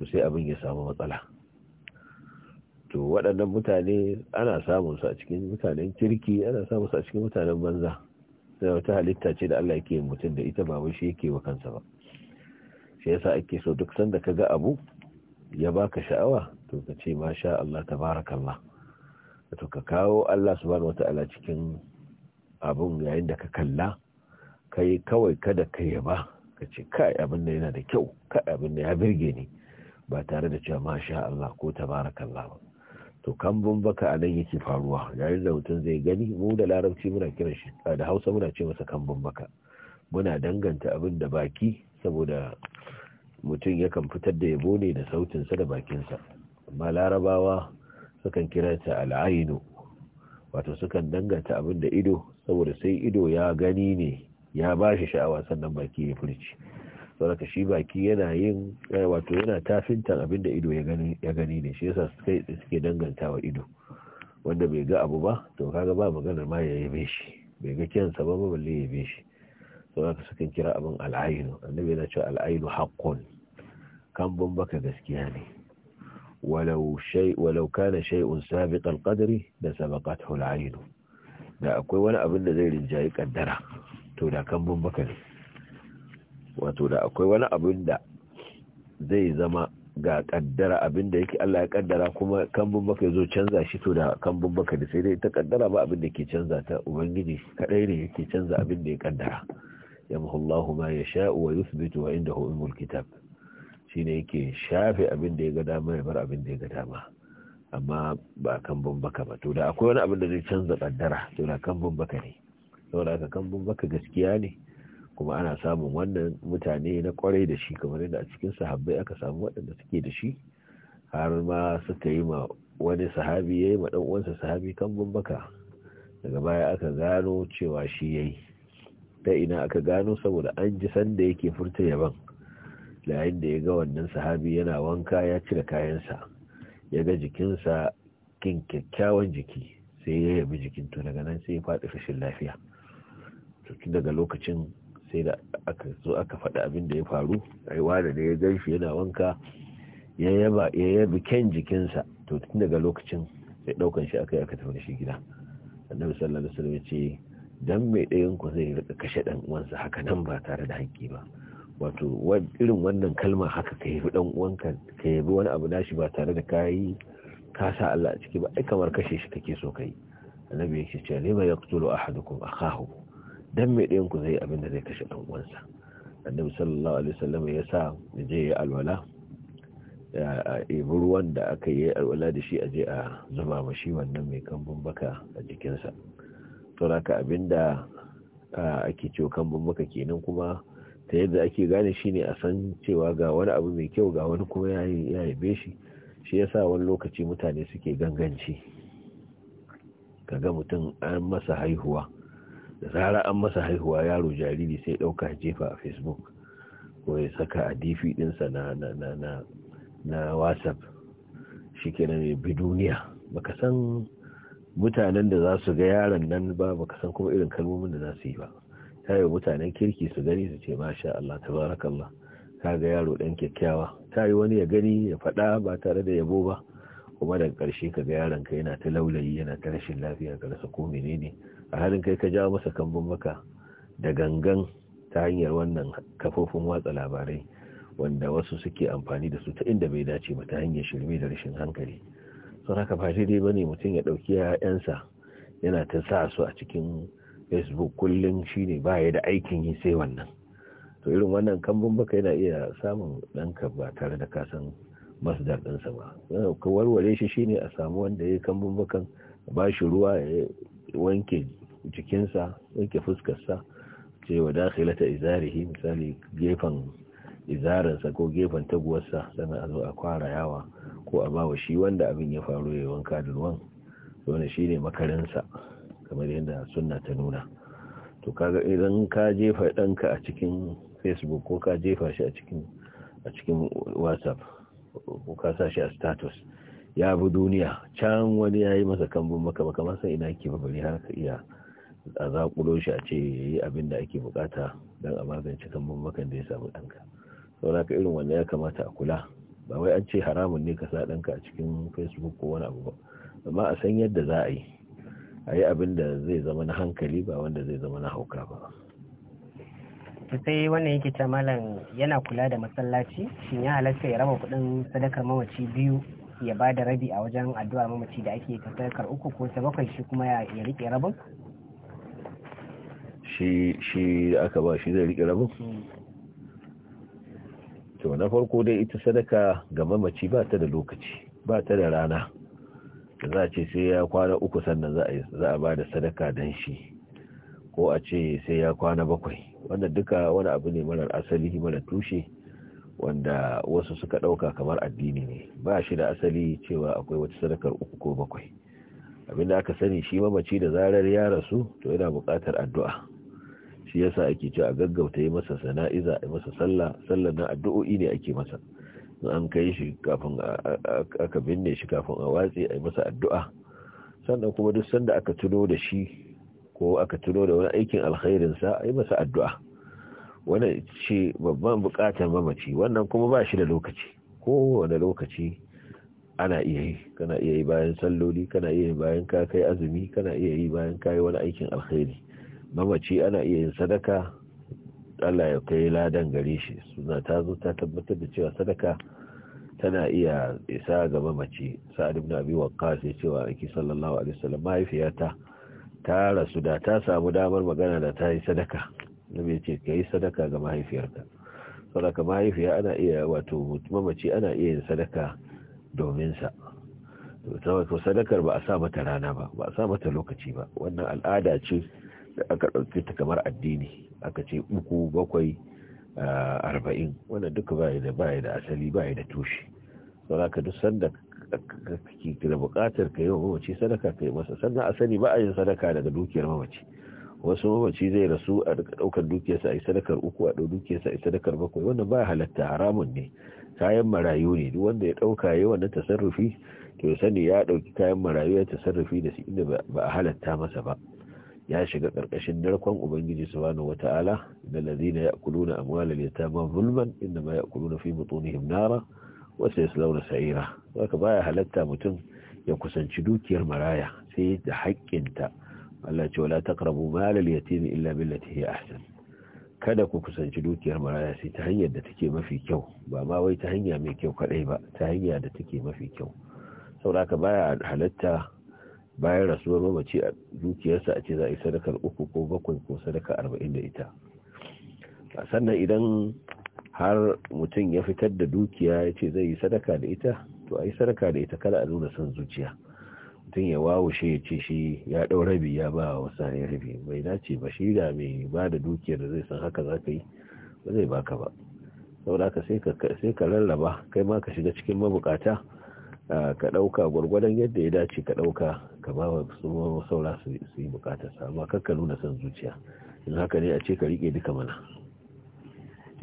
to sai abin ya samu matsala to waɗannan mutane ana samun su a cikin mutanen kirki ana samun su a cikin mutanen banza sai wata halitta ce da Allah yake mutum da ita ba shi yake wa kansa ba shi yasa ake so duk sanda kaga abu ya baka sha'awa to ka ce masha Allah tabarakallah to ka kawo Allah subhanahu wataala cikin abun yayin da ka kalla ka yi kawai kada ka yaba ka ce kai abin da yana da kyau kai abin da ya birge ni ba tare da cewa masha Allah ko tabarakallah ba to kambun baka a nan yake faruwa yayin da mutum zai gani mu da larabci muna kiran shi da hausa muna ce masa kambun baka muna danganta abin da baki saboda mutum yakan fitar da yabo ne da sautin sa da bakinsa amma larabawa sukan kira ta al'ainu wato sukan danganta abin da ido saboda sai ido ya gani ne ya ba shi sha'awa sannan baki ya furci da shi baki yana yin eh, wato yana tafintan abin da ido ya gani ne shi yasa suke danganta wa ido wanda bai ga abu ba to kaga ba maganar ma ya yabe shi bai ga sa ba ba balle yabe shi ka suka kira abin al'ainu annabi yana cewa al'ayinu haqqun kan ban baka gaskiya ne walau shay walau kana shay'un da sabaqathu al da akwai wani abin da zai rinjayi kaddara to da kambun baka ne wato da akwai wani abin da zai zama ga kaddara abin da yake Allah ya kaddara kuma kambun baka zo canza shi to da kambun baka ne sai dai ta kaddara ba abin da ke canza ta ubangiji kadai ne yake canza abin da ya kaddara yamhu Allahu ma yasha wa yuthbitu wa indahu umul kitab shine yake shafe abin da ya ga dama ya bar abin da ya ga dama amma ba kan bambaka ba to da akwai wani abin da zai canza kaddara to da kan bambaka ne saboda haka kambun baka gaskiya ne kuma ana samun wannan mutane na kwarai da shi kamar yadda a cikin sahabbai aka samu waɗanda suke da shi har ma suka yi ma wani sahabi ya yi ma uwansa sahabi kambun baka daga baya aka gano cewa shi ya yi ta ina aka gano saboda an ji sanda yake furta yaban yayin da ya ga wannan sahabi yana wanka ya cire kayansa ya ga jikinsa kin kyakkyawan jiki sai ya yabi jikin to daga nan sai ya faɗi fashin lafiya tun daga lokacin sai da aka zo aka faɗi abin da ya faru aiwa da ya gan yana wanka ya yaba ya yabi ken jikinsa to tun daga lokacin sai ɗaukan shi aka yi aka tafi da shi gida annabi sallallahu alaihi wasallam ya ce dan mai ɗayan ku zai rika kashe ɗan uwansa haka nan ba tare da haƙƙi ba wato irin wannan kalma haka ka yabi dan uwanka ka yabi wani abu nashi ba tare da kayi ka sa Allah a ciki ba ai kamar kashe shi kake so kai annabi yake ce ne ba yaqtulu ahadukum akahu dan mai ɗayan ku zai abin da zai kashe ɗan uwansa annabi sallallahu alaihi wasallam ya sa je ya alwala ya ibi ruwan da aka yi alwala da shi a je a zuba mashi wannan mai kambun baka a jikinsa to haka abinda ake cewa kambun baka kenan kuma ta yadda ake gane shi ne a san cewa ga wani abu mai kyau ga wani kuma ya yabe shi shi sa wani lokaci mutane suke ganganci ga mutum an masa haihuwa da rara an masa haihuwa yaro jariri sai ɗauka jefa a facebook ko ya saka a dv ɗinsa na na na na na whatsapp shi kenan bi duniya baka san mutanen da za su ga yaron nan ba baka san kuma irin kalmomin da za su yi ba ta yi mutanen kirki su gani su ce masha Allah tabarakallah ka ga yaro ɗan kyakkyawa ta yi wani ya gani ya faɗa ba tare da yabo ba kuma daga ƙarshe ka ga yaron ka yana ta laulayi yana ta rashin lafiya ka rasa ko menene ne a halin kai ka jawo masa kambun baka da gangan ta hanyar wannan kafofin watsa labarai wanda wasu suke amfani da su ta inda bai dace ba ta hanyar shirme da rashin hankali sun haka ba daidai ba ne mutum ya ɗauki ‘ya'yansa yana ta sa su a cikin facebook kullum shi ne ba ya da aikin yi sai wannan to irin wannan kambun baka yana iya samun ɗanka ba tare da kasan masu daɗinsa ba ka warware shi shine a samu wanda ya yi kambun bakan ba shi ruwa wanke jikinsa wanke fuskarsa ce wa ta izarihi misali gefen izarinsa ko gefen taguwarsa sannan a zo a kwara yawa ko a bawa shi wanda abin ya faru ya wanka da ruwan wanda shi ne makarinsa kamar yadda sunna ta nuna to kaga idan ka jefa ɗanka a cikin facebook ko ka jefa shi a cikin whatsapp ko ka sa shi a status ya bi duniya can wani ya yi masa kambun maka ba kamar sai ina ke bari har ka iya a zaƙulo shi a ce ya yi abin da ake bukata don a magance kambun makan da ya samu ɗanka saboda ka irin wanda ya kamata a kula ba wai an ce haramun ne ka sa ɗanka a cikin facebook ko wani abu ba amma a san yadda za a yi a yi abin da zai zama na hankali ba wanda zai zama na hauka ba sai wannan yake ta malam yana kula da masallaci shin ya halatta ya raba kuɗin sadakar mamaci biyu ya ba da rabi a wajen addu'ar mamaci da ake tattakar uku ko ta bakwai shi kuma ya rike rabin shi shi aka ba shi zai rike rabin hmm. to na farko dai ita sadaka ga mamaci ba ta da lokaci ba ta da rana za a ce sai ya kwana uku sannan za a ba da sadaka don shi ko a ce sai ya kwana bakwai wanda duka wani abu ne marar asali marar tushe wanda wasu suka ɗauka kamar addini ne ba shi da asali cewa akwai wata sadakar uku ko bakwai abinda aka sani shi mamaci da zarar ya rasu to yana bukatar addu'a shi yasa ake cewa a gaggauta yi masa sana'iza a masa sallah sallar na addu'o'i ne ake masa an kai shi kafin aka binne shi kafin a watsi a yi masa addu'a sannan kuma duk sanda aka tuno da shi ko aka tuno da wani aikin alkhairinsa a yi masa addu'a Wani ce babban bukatar mamaci wannan kuma ba shi da lokaci ko wani lokaci ana iya yi kana iya yi bayan salloli kana iya yi bayan ka kai azumi kana iya yi bayan kayi wani aikin alkhairi mamaci ana iya yin sadaka Allah ya kai ladan gare shi suna ta zo ta tabbatar da cewa sadaka tana iya isa ga mamaci sa'ad ibn abi waqqas ya cewa aiki sallallahu alaihi wasallam mahaifiyata ta rasu da ta samu damar magana da ta yi sadaka nabi ya ce ka yi sadaka ga mahaifiyarka sadaka mahaifiya ana iya wato mamaci ana iya yin sadaka domin sa wato sadakar ba a sa mata rana ba ba a sa mata lokaci ba wannan al'ada ce da aka ɗauki ta kamar addini aka ce uku bakwai arba'in wannan duka baya da da asali baya da tushe sadaka duk sanda kake da buƙatar ka yi wa mamaci sadaka ka yi masa sannan a sani ba a yin sadaka daga dukiyar mamaci wasu mamaci zai rasu a ɗaukar dukiyarsa a yi sadakar uku a ɗau dukiyarsa a yi sadakar bakwai wanda ba halatta haramun ne kayan marayu ne duk wanda ya ɗauka yi wannan tasarrufi to ya sani ya ɗauki kayan marayu ya tasarrufi da su inda ba a halatta masa ba ya shiga ƙarƙashin narkon ubangiji subhanahu wata'ala da lazina ya kuluna amwalar zulman inda ma ya fi mutunihim nara wasu ya sulauna sa'ira haka baya halatta mutum ya kusanci dukiyar maraya sai da haƙƙinta Allah ce wala taqrabu malal yatim illa billati hi ahsan kada ku kusanci dukiyar maraya sai ta hanyar da take mafi kyau ba ma wai ta hanya mai kyau kadai ba ta hanya da take mafi kyau saboda baya halatta bayan rasuwar mamaci a dukiyarsa a ce za a yi sadakar uku ko bakwai ko sadaka arba'in da ita sannan idan har mutum ya fitar da dukiya ya ce zai yi sadaka da ita to a yi sadaka da ita kada a nuna son zuciya mutum ya wawushe ya ce shi ya ɗau rabi ya ba wa sani rabi bai dace ba shi da mai ba da dukiyar da zai san haka za ka yi ba zai baka ba saboda ka sai ka lallaba kai ma ka shiga cikin mabukata ka ɗauka gwargwadon yadda ya dace ka ɗauka ka ba wa su saura su yi bukatar sa amma kakka nuna son zuciya in haka ne a ce ka riƙe duka mana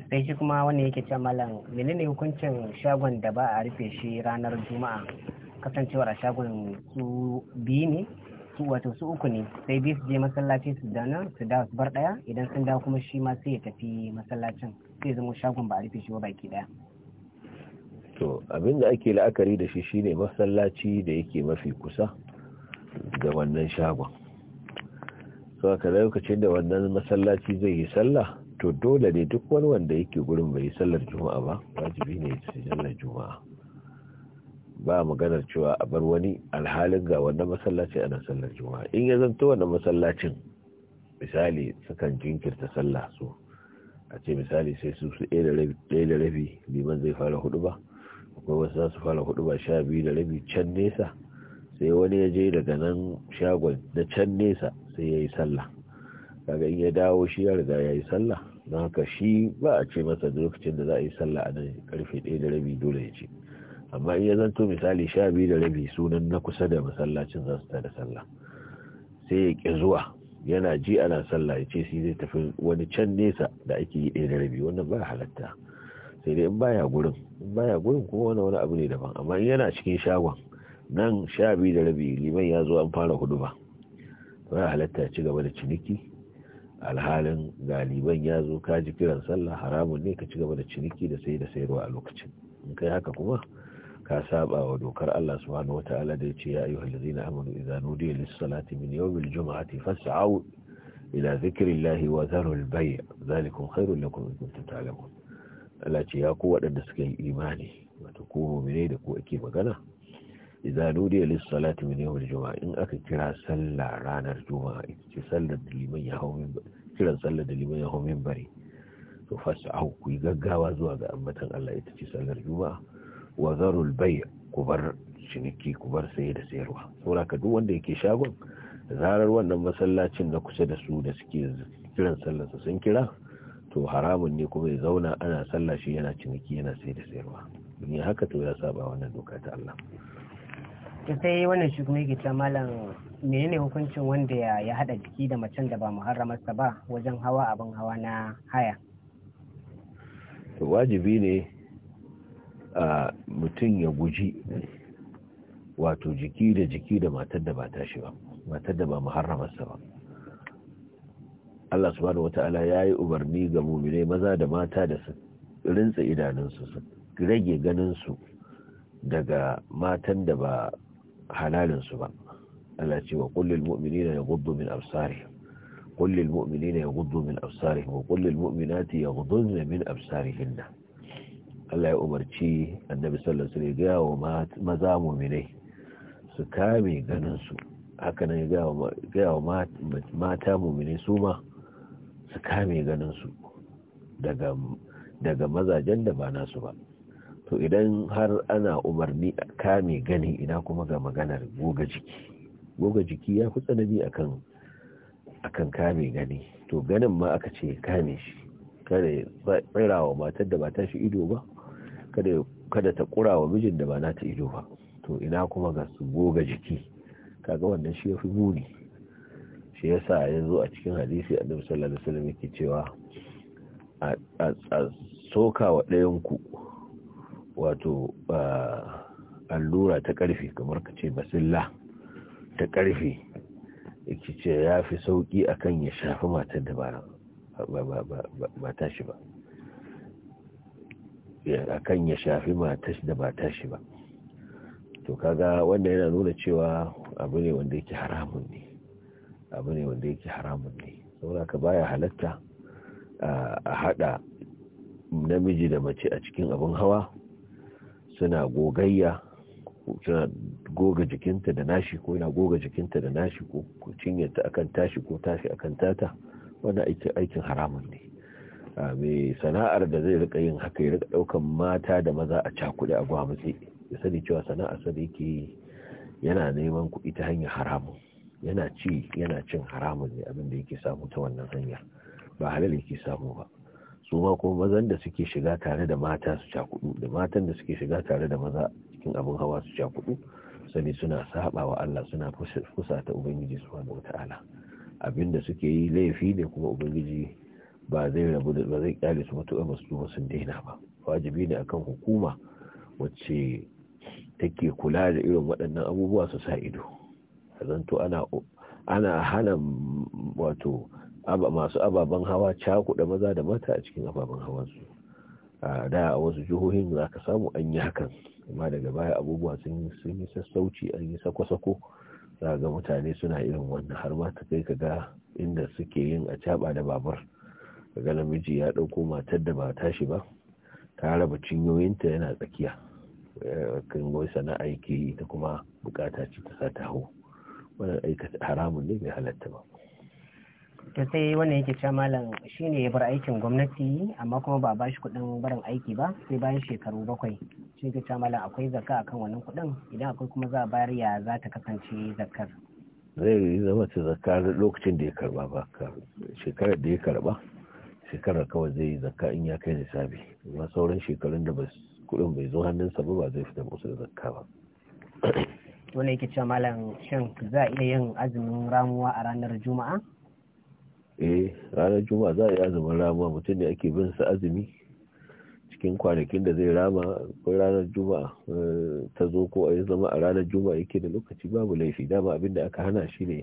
sai shi kuma wanda yake ce malam menene hukuncin shagon da ba a rufe shi ranar juma'a kasancewar a shagon su biyu ne su wato su uku ne sai biyu su je masallaci su dana su dawo su bar daya idan sun dawo kuma shi ma sai ya tafi masallacin sai zama shagon ba a rufe shi ba baki daya to abin da ake la'akari da shi shine masallaci da yake mafi kusa da wannan shagon so aka lokacin da wannan masallaci zai yi sallah to dole ne duk wani wanda yake gurin bai yi sallar juma'a ba wajibi ne ya sallar juma'a ba maganar cewa a bar wani alhalin ga wannan masallaci anan sallar juma'a in ya zanto wannan masallacin misali sukan jinkirta sallah su a ce misali sai su su ɗaya da rabi liman zai fara hudu ba akwai wasu za su fara hudu ba sha biyu da rabi can nesa sai wani ya je daga nan shagon na can nesa sai ya yi sallah kaga in ya dawo shi ya riga ya yi sallah don haka shi ba a ce masa lokacin da za a yi sallah a nan karfe ɗaya da rabi dole ya ce amma in ya zanto misali sha biyu da rabi sunan na kusa da masallacin za da sallah sai ya ƙi zuwa yana ji ana sallah ya ce sai zai tafi wani can nesa da ake yi ɗaya da rabi wannan ba halatta sai dai in baya gurin in baya gurin kuma wani wani abu ne daban amma in yana cikin shagon nan sha biyu da rabi liman ya zo an fara hudu ba ba halatta ya ci gaba da ciniki alhalin galiban ya zo ka ji kiran sallah haramun ne ka ci gaba da ciniki da sai da sayarwa a lokacin in kai haka kuma ka saba wa dokar Allah subhanahu wataala da yace ya ayyuhal ladina amanu idza nudiya lis-salati min yawmil jum'ati fas'au ila dhikrillahi wa dharul bay' dhalikum khairul lakum in kuntum ta'lamun Allah ce ya ku waɗanda suka yi imani wato ku mu'mine da ku ake magana idza nudiya lis-salati min yawmil jum'a in aka kira sallah ranar juma'a ita ce sallar da liman ya hawo kiran sallar da liman ya hawo minbari to fas'au ku yi gaggawa zuwa ga ambatan Allah ita ce sallar juma'a wa zarul bai ku bar ciniki ku bar saye da sayarwa saboda ka duk wanda yake shagon zarar wannan masallacin na kusa da su da suke kiran sallar su sun kira to haramun ne kuma ya zauna ana sallah shi yana ciniki yana sai da sayarwa ni haka to ya saba wannan doka ta Allah ta sai wannan shi kuma ta malam menene hukuncin wanda ya hada jiki da macen da ba muharramarsa ba wajen hawa abin hawa na haya to wajibi ne mutum ya guji wato jiki da jiki da matar da ba ta shi ba matar da ba muharramarsa ba Allah subhanahu wata'ala ya yi umarni ga mumine maza da mata da su rintsa idanunsu su rage ganinsu daga matan da ba halalinsu ba Allah ce wa na ya gudu min absarihim na ya gudu min absarihim wa kullil ya gudu min hinna Allah ya umarci annabi sallallahu alaihi wasallam ya wa maza mu'minai su kame ganin su haka ne ga ga wa mata mu'minai su ma su kame ganin su daga daga mazajen da ba nasu ba to idan har ana umarni kame gani ina kuma ga maganar goga jiki goga jiki ya fi tsanani akan akan kame gani to ganin ma aka ce kame shi kare tsirawa matar da ba ta shi ido ba kada ta kura wa mijin da ba na ta ido ba to ina kuma ga su goga jiki kaga wannan shi yafi muni shi yasa yanzu a cikin hadisi a annabi sallallahu alaihi wasallam yake cewa a soka wa ɗayan ku wato allura ta ƙarfe kamar ka ce basilla ta ƙarfe yake ce ya fi sauƙi akan ya shafi matar da ba ta shi ba kan ya shafi matashi da ba tashi ba to kaga wanda yana nuna cewa abu ne wanda yake haramun ne abu ne wanda yake haramun ne saboda ka baya halatta a hada namiji da mace a cikin abin hawa suna gogayya suna goga jikinta da nashi ko yana goga jikinta da nashi ko cinyarta akan tashi ko tashi akan tata wanda aikin haramun ne mai sana'ar da zai rika yin haka ya rika daukan mata da maza a cakuɗe a gwamutse ya sani cewa sana'ar sa yake yana neman kuɗi ta hanyar haramun yana ci yana cin haramun ne abin da yake samu ta wannan hanya ba halal yake samu ba su ma kuma mazan da suke shiga tare da mata su cakudu da matan da suke shiga tare da maza cikin abin hawa su cakudu sani suna saba wa Allah suna fusa ta ubangiji subhanahu wataala abin da suke yi laifi ne kuma ubangiji ba zai rabu da ba zai kyale su mutuwa ba su sun daina ba wajibi ne akan hukuma wacce take kula da irin waɗannan abubuwa su sa ido zanto ana ana hana wato masu ababen hawa cakuɗa maza da mata a cikin ababen hawansu a da a wasu jihohin za ka samu an yi hakan amma daga baya abubuwa sun yi sassauci an yi sako-sako za ga mutane suna irin wannan har ma ta kai ka ga inda suke yin a da babur. daga namiji ya ɗauko matar da ba tashi ba ta raba cinyoyinta yana tsakiya eh, kan wai sana'a yake yi ta kuma bukata ce ta sa taho hau wannan aikata haramun ne bai halatta ba to sai wannan yake cewa malam shine ya bar aikin gwamnati amma kuma ba bashi kuɗin barin aiki ba sai bayan shekaru bakwai shi yake cewa malam akwai zakka akan wannan kuɗin idan akwai kuma za a bayar ya za ta kasance zakkar zai yi zama ta zakka lokacin da ya karba ba shekarar da ya karba shekarar kawai zai yi zakka in ya kai nisabi amma sauran shekarun da kudin bai zo hannunsa ba ba zai fita musu da zakka ba wani yake cewa malam shan za a iya yin azumin ramuwa a ranar juma'a eh ranar juma'a za a yi azumin ramuwa mutum ne ake bin sa azumi cikin kwanakin da zai rama ko ranar juma'a eh, ta zo ko a yi zama a ranar juma'a yake da lokaci babu laifi dama abin da aka hana shi ne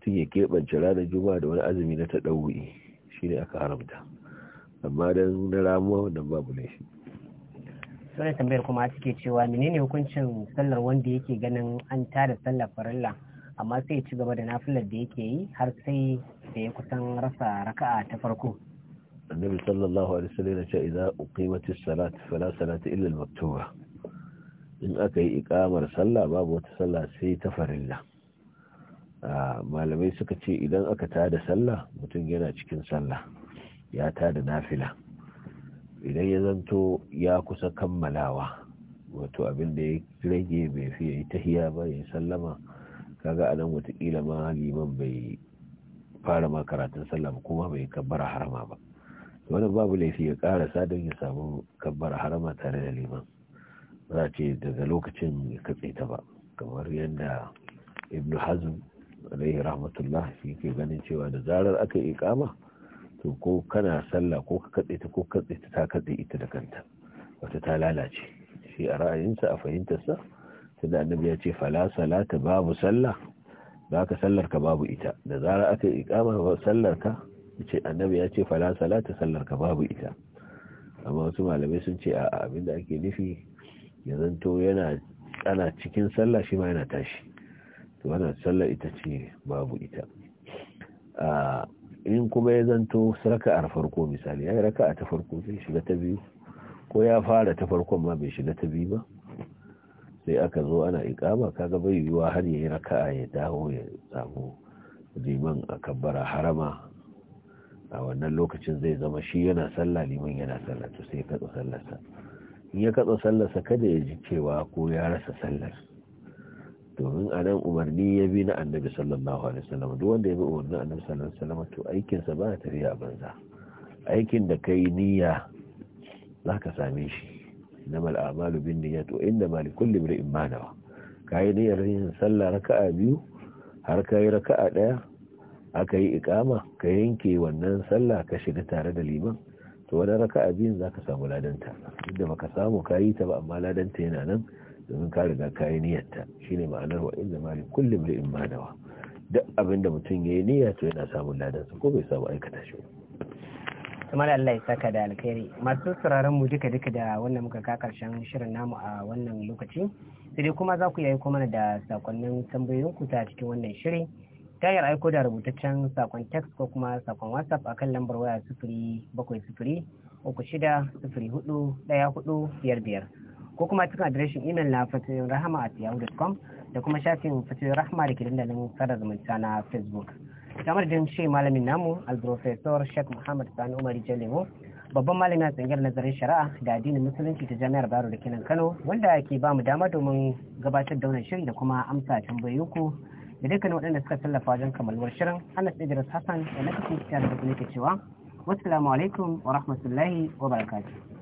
tun ya keɓance ranar juma'a da wani azumi na ta ɗauri shi ne aka haramta amma don na ramuwa wannan babu ne shi sai tambayar kuma take cewa menene hukuncin sallar wanda yake ganin an tada sallar farilla amma sai ci gaba da nafilar da yake yi har sai da ya kusan rasa raka'a ta farko annabi sallallahu alaihi wasallam ya ce idza uqimatis salat fala salata illa al-maktuba in aka yi iqamar sallah babu wata sallah sai ta farilla malamai suka ce idan aka tada sallah mutum yana cikin sallah ya tada nafila idan ya zanto ya kusa kammalawa wato abin da ya rage bai fiye ta hiya ba ya sallama kaga a nan watakila ma liman bai fara ma karatun sallah ba kuma bai kabbara harama ba wannan babu laifi ya karasa don ya samu kabbara harama tare da liman za ce daga lokacin ya katse ta ba kamar yadda ibn hazm alaihi rahmatullah shi ke ganin cewa da zarar aka yi kama to ko kana sallah ko ka katse ta ko katse ta ta ita da kanta wata ta lalace shi a ra'ayinsa a fahimtarsa tunda annabi ya ce fala salata babu sallah ba ka sallar ka babu ita da zarar aka yi kama sallar ka ce annabi ya ce fala salata sallar ka babu ita amma wasu malamai sun ce a abin da ake nufi ya zanto yana ana cikin sallah shi ma yana tashi wannan sallar ita ce babu ita in kuma ya zanto raka'ar farko misali ya raka'a ta farko zai shiga ta biyu ko ya fara ta farkon ma bai shiga ta biyu ba sai aka zo ana ikama kaga bai yiwuwa har yi raka'a ya dawo ya samu liman a kabbara harama a wannan lokacin zai zama shi yana sallah liman yana sallah to sai ya katsa sallarsa in ya katsa sallarsa kada ya ji cewa ko ya rasa sallar domin a nan umarni ya bi na annabi sallallahu alaihi wasallam duk wanda ya bi umarni annabi sallallahu alaihi wasallam to aikinsa ba tafiya banza aikin da kai niyya zaka same shi innamal a'malu bin niyyat wa ma likulli imrin ma nawa kai niyyar yin sallah raka'a biyu har kai raka'a daya aka yi ikama ka yanke wannan sallah ka shiga tare da liman to wani raka'a biyun zaka samu ladanta duk da baka samu ka ta ba amma ladanta yana nan domin ka riga ka yi niyyarta shine ma'anar wa inda mali kulli mri'in ma nawa duk abin da mutum ya yi niyya to yana samun ladan sa ko bai samu aikata shi ba. kamar Allah ya saka da alkhairi masu sauraron mu duka duka da wannan muka ka karshen shirin namu a wannan lokaci sai dai kuma za ku yi kuma da sakonnin tambayoyin ku ta cikin wannan shiri ta hanyar aiko da rubutaccen sakon text ko kuma sakon whatsapp akan lambar waya sifiri bakwai sifiri uku shida sifiri hudu daya hudu biyar biyar ko kuma cikin adireshin imel na a rahama at yahoo.com da kuma shafin fatoyin rahama da ke dandalin sada zumunta na facebook kamar din shi malamin namu alprofesor sheikh muhammad sani umar jalemo babban malami a tsangiyar nazarin shari'a da addinin musulunci ta jami'ar baro da kenan kano wanda ke ba mu dama domin gabatar da wannan shiri da kuma amsa tambayoyinku da dukkanin waɗanda suka tallafa wajen kammalwar shirin anas idris hassan da na kasance da cewa wassalamu alaikum wa rahmatullahi wa barakatuh